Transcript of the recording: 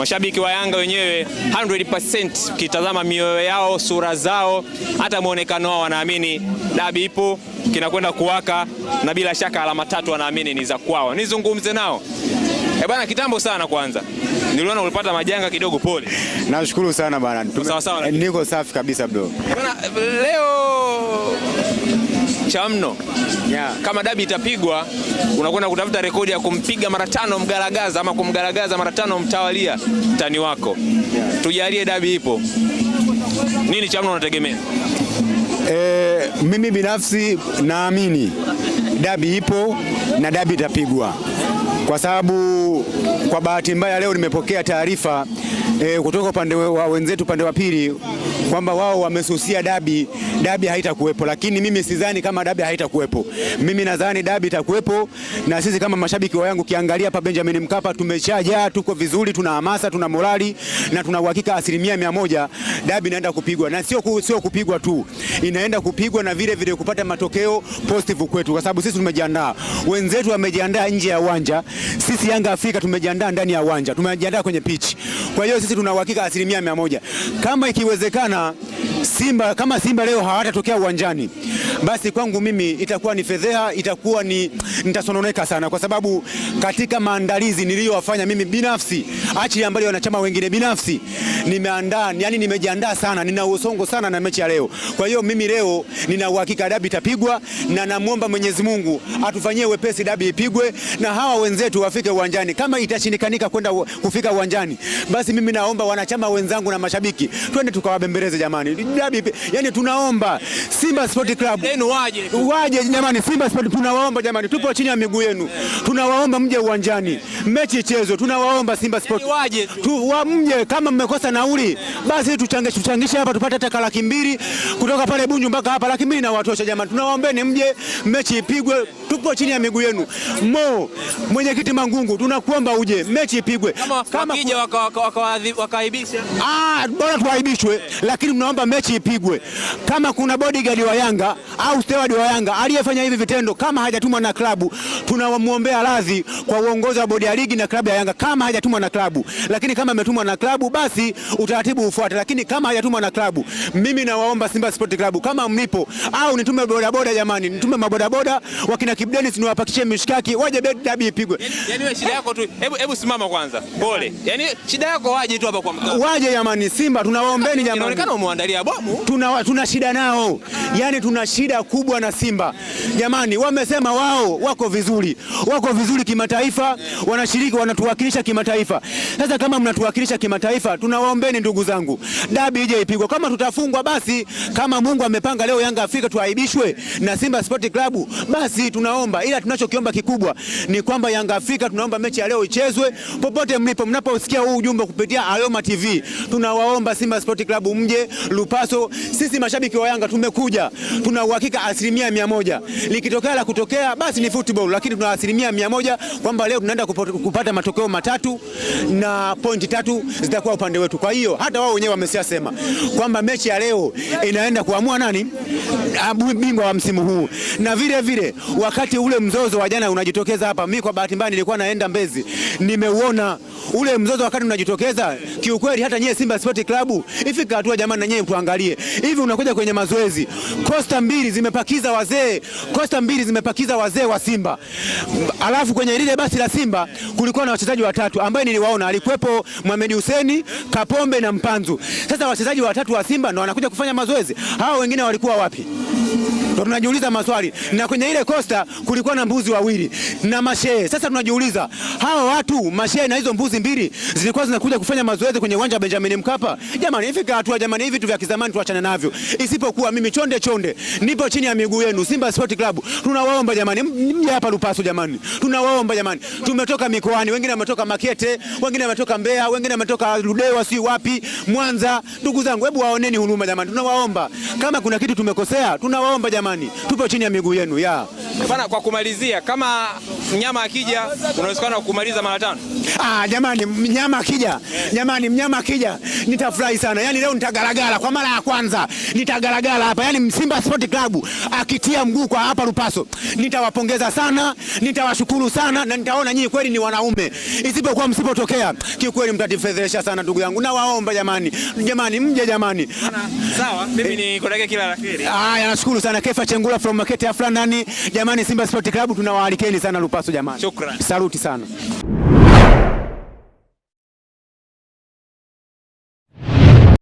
Mashabiki wa Yanga wenyewe 100% ukitazama mioyo yao, sura zao, hata mwonekano wao, wanaamini dabi ipo, kinakwenda kuwaka na bila shaka alama tatu wanaamini ni za kwao. Nizungumze nao Eh, bana kitambo sana kwanza. Niliona ulipata majanga kidogo, pole. Nashukuru sana bana. Sawa sawa. Niko safi kabisa bro. Bana leo Chamno yeah. Kama dabi itapigwa, unakwenda kutafuta rekodi ya kumpiga mara tano mgaragaza ama kumgaragaza mara tano mtawalia mtani wako yeah. Tujalie dabi ipo. Nini cha unategemea? E, mimi binafsi naamini dabi ipo na dabi itapigwa, kwa sababu kwa bahati mbaya leo nimepokea taarifa e, kutoka upande wa wenzetu upande wa pili kwamba wao wamesusia dabi, dabi haitakuwepo, lakini mimi sidhani kama dabi haitakuwepo. Mimi nadhani dabi itakuwepo, na sisi kama mashabiki wa Yanga ukiangalia hapa Benjamin Mkapa tumeshajaa, tuko vizuri, tuna hamasa, tuna morali na tuna uhakika asilimia mia moja dabi inaenda kupigwa, na sio ku, sio kupigwa tu, inaenda kupigwa na vile vile kupata matokeo positive kwetu, kwa sababu sisi tumejiandaa. Wenzetu wamejiandaa nje ya uwanja, sisi Yanga Afrika tumejiandaa ndani ya uwanja, tumejiandaa kwenye pitch. Kwa hiyo sisi sisi tuna uhakika asilimia mia moja kama ikiwezekana Simba, kama Simba leo hawatatokea uwanjani basi kwangu mimi itakuwa ni fedheha, itakuwa ni nitasononeka sana, kwa sababu katika maandalizi niliyowafanya mimi binafsi, achilia mbali wanachama wengine binafsi, nimeandaa yani, nimejiandaa sana, nina usongo sana na mechi ya leo. Kwa hiyo mimi leo nina uhakika dabi itapigwa, na namwomba Mwenyezi Mungu atufanyie wepesi dabi ipigwe, na hawa wenzetu wafike uwanjani. Kama itashindikanika kwenda kufika uwanjani, basi mimi naomba wanachama wenzangu na mashabiki twende tukawabembeleze jamani, dabi yani, tunaomba Simba Sport Club yenu waje waje, jamani. Simba tunawaomba jamani, tupo yeah. chini ya miguu yenu, yeah. tunawaomba mje uwanjani, yeah. mechi ichezwe. Tunawaomba Simba Sports waje tu, wa mje. Kama mmekosa nauli, yeah. basi tuchangishe, tuchangishe hapa tupate hata laki mbili kutoka pale Bunju mpaka hapa, laki mbili na watosha jamani. Tunawaombeni mje, mechi ipigwe, tupo chini ya miguu yenu. Mo mwenyekiti Mangungu, tunakuomba uje, mechi ipigwe. Kama wakija wakaibisha ah, bora tuwaibishwe, lakini tunaomba mechi ipigwe. Kama kuna bodyguard wa Yanga au steward wa Yanga aliyefanya hivi vitendo, kama hajatumwa na klabu, tunamwombea radhi kwa uongozi wa bodi ya ligi na klabu ya Yanga kama hajatumwa na klabu, lakini kama ametumwa na klabu, basi utaratibu ufuate, lakini kama hajatumwa na klabu, mimi nawaomba Simba Sport Club kama mlipo, au nitume bodaboda jamani, nitume mabodaboda wakina Kibdenis niwapakishie mishkaki waje bet dabi ipigwe. Yani yaani wewe shida yako tu, hebu hebu simama kwanza, pole. Yani shida yako waje tu hapa kwa mkao, waje jamani, Simba tunawaombeni jamani, inaonekana umeandalia bomu, tuna tuna shida nao, yani tuna shida shida kubwa na Simba jamani. Wamesema wao wako vizuri, wako vizuri kimataifa, wanashiriki, wanatuwakilisha kimataifa. Sasa kama mnatuwakilisha kimataifa, tunawaombeni ndugu zangu, dabi ije ipigwe. Kama tutafungwa basi, kama Mungu amepanga leo Yanga Afrika tuaibishwe na Simba Sport Club, basi tunaomba, ila tunachokiomba kikubwa ni kwamba Yanga Afrika, tunaomba mechi ya leo ichezwe popote mlipo, mnaposikia huu ujumbe kupitia Ayoma TV, tunawaomba Simba Sport Club mje Lupaso. Sisi mashabiki wa Yanga tumekuja tuna uhakika asilimia mia moja. Likitokea la kutokea basi ni football, lakini tuna asilimia mia moja kwamba leo tunaenda kupata matokeo matatu na pointi tatu zitakuwa upande wetu. Kwa hiyo hata wao wenyewe wameshasema kwamba mechi ya leo inaenda kuamua nani bingwa wa msimu huu, na vile vile wakati ule mzozo wa jana unajitokeza hapa, mimi kwa bahati mbaya nilikuwa naenda Mbezi nimeuona ule mzozo wakati unajitokeza kiukweli, hata nyie Simba Sport Club ifika hatua jamani, na nyie tuangalie hivi. Unakuja kwenye mazoezi, kosta mbili zimepakiza wazee, kosta mbili zimepakiza wazee wa Simba. Alafu kwenye lile basi la Simba kulikuwa na wachezaji watatu ambaye niliwaona, alikuwepo Mohamed huseni Kapombe na Mpanzu. Sasa wachezaji watatu wa Simba ndo wanakuja kufanya mazoezi, hao wengine walikuwa wapi? kushoto. tunajiuliza maswali, na kwenye ile kosta kulikuwa na mbuzi wawili na mashehe. Sasa tunajiuliza hawa watu mashehe na hizo mbuzi mbili zilikuwa zinakuja kufanya mazoezi kwenye uwanja wa Benjamin Mkapa. Jamani, ifika hatua jamani, hivi vitu vya kizamani tuachane navyo, isipokuwa mimi chonde chonde nipo chini ya miguu yenu. Simba Sport Club tunawaomba jamani, mje hapa Lupaso jamani, tunawaomba jamani. Tumetoka mikoani, wengine wametoka Makete, wengine wametoka Mbeya, wengine wametoka Ludewa, si wapi, Mwanza. Ndugu zangu, hebu waoneni huruma jamani, tunawaomba. Kama kuna kitu tumekosea, tunawaomba jamani jamani, tupo chini ya miguu yenu ya bana. Kwa kumalizia, kama mnyama akija unawezekana kumaliza mara tano. Ah, jamani mnyama akija, jamani mnyama akija nitafurahi sana. Yani leo nitagaragara kwa mara ya kwanza. Nitagaragara hapa. Yani Simba Sport Club akitia mguu kwa hapa Lupaso. Nitawapongeza sana, nitawashukuru sana na nitaona nyinyi kweli ni wanaume. Isipokuwa msipotokea kiukweli mtatifedhesha sana ndugu yangu. Na waomba jamani, jamani mje jamani. Sawa, mimi ni nikutakia kila la heri. Ah, nashukuru sana Kefa Chengula from Market Afra Nani Jamani Simba Sport Club tunawaalikeni sana Lupaso. Paso jamani, shukrani, saluti sana.